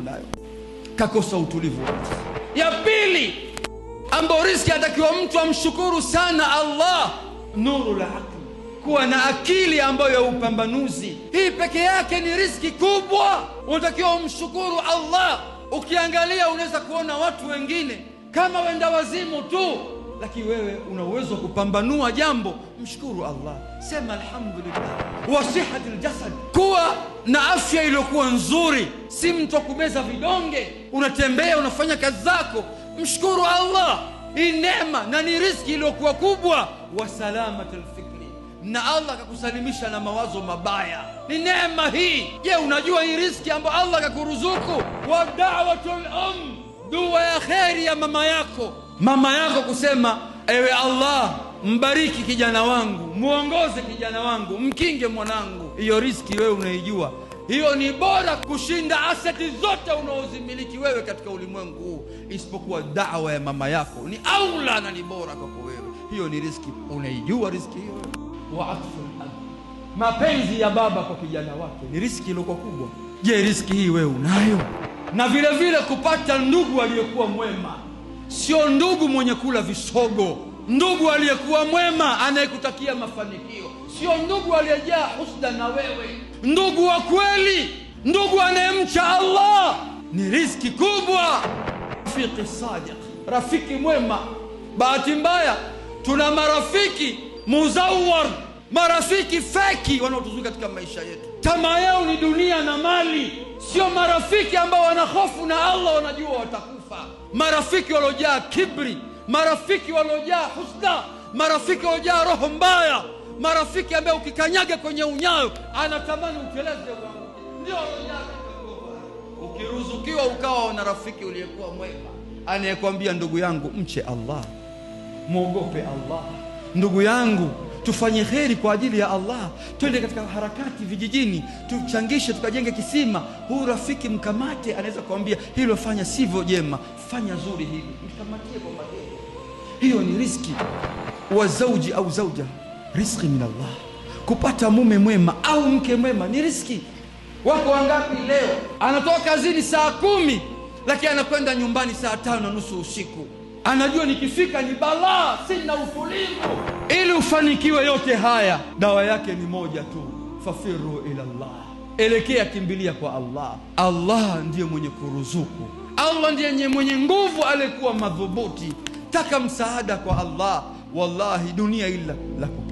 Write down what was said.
nayo kakosa utulivu wake. Ya pili ambayo riski atakiwa mtu amshukuru sana Allah, nuru la akli, kuwa na akili ambayo ya upambanuzi. Hii peke yake ni riski kubwa, unatakiwa umshukuru Allah. Ukiangalia unaweza kuona watu wengine kama wenda wazimu tu lakini wewe una uwezo wa kupambanua jambo, mshukuru Allah, sema alhamdulillah. wa sihhatil jasad, kuwa na afya iliyokuwa nzuri, si mtu wa kumeza vidonge. Unatembea, unafanya kazi zako, mshukuru Allah, hii neema na ni riski iliyokuwa kubwa. wa lfikri fikri, na Allah akakusalimisha na mawazo mabaya, ni neema hii. Je, unajua hii riski ambayo Allah akakuruzuku? wa da'watul um dua ya kheri ya mama yako, mama yako kusema, ewe Allah, mbariki kijana wangu, muongoze kijana wangu, mkinge mwanangu. Hiyo riski wewe unaijua, hiyo ni bora kushinda aseti zote unaozimiliki wewe katika ulimwengu huu, isipokuwa dawa ya mama yako ni aula na ni bora kwako wewe. Hiyo ni riski, unaijua riski hiyo. wa mapenzi ya baba kwa kijana wake ni riski iliyokuwa kubwa. Je, riski hii wewe unayo? na vile vile kupata ndugu aliyekuwa mwema, sio ndugu mwenye kula visogo, ndugu aliyekuwa mwema anayekutakia mafanikio, sio ndugu aliyejaa husda na wewe, ndugu wa kweli, ndugu anayemcha Allah ni riziki kubwa. Rafiki sadiq, rafiki mwema. Bahati mbaya tuna marafiki muzawar, marafiki feki wanaotuzunguka katika maisha yetu. Tamaa yao ni dunia na mali, sio marafiki ambao wanahofu na Allah, wanajua watakufa. Marafiki waliojaa kibri, marafiki waliojaa husda, marafiki waliojaa roho mbaya, marafiki ambaye ukikanyaga kwenye unyayo anatamani uteleze uanguke, ndio waliojaa. Ukiruzukiwa ukawa na rafiki uliyekuwa mwema anayekwambia ndugu yangu, mche Allah, mwogope Allah, ndugu yangu tufanye heri kwa ajili ya Allah, twende katika harakati vijijini, tuchangishe, tukajenge kisima. Huu rafiki mkamate, anaweza kuambia hilo fanya sivyo jema, fanya zuri hili, mkamatie kwa maneno. Hiyo ni riski wa zauji au zauja, riski min Allah. Kupata mume mwema au mke mwema ni riski. Wako wangapi leo anatoka kazini saa kumi lakini anakwenda nyumbani saa tano na nusu usiku, anajua nikifika ni balaa, sina utulivu. Ili ufanikiwe yote haya, dawa yake ni moja tu, fafiru ila llah elekea, kimbilia kwa Allah. Allah ndiye mwenye kuruzuku, Allah ndiye mwenye nguvu, aliyekuwa madhubuti. Taka msaada kwa Allah, wallahi dunia ila la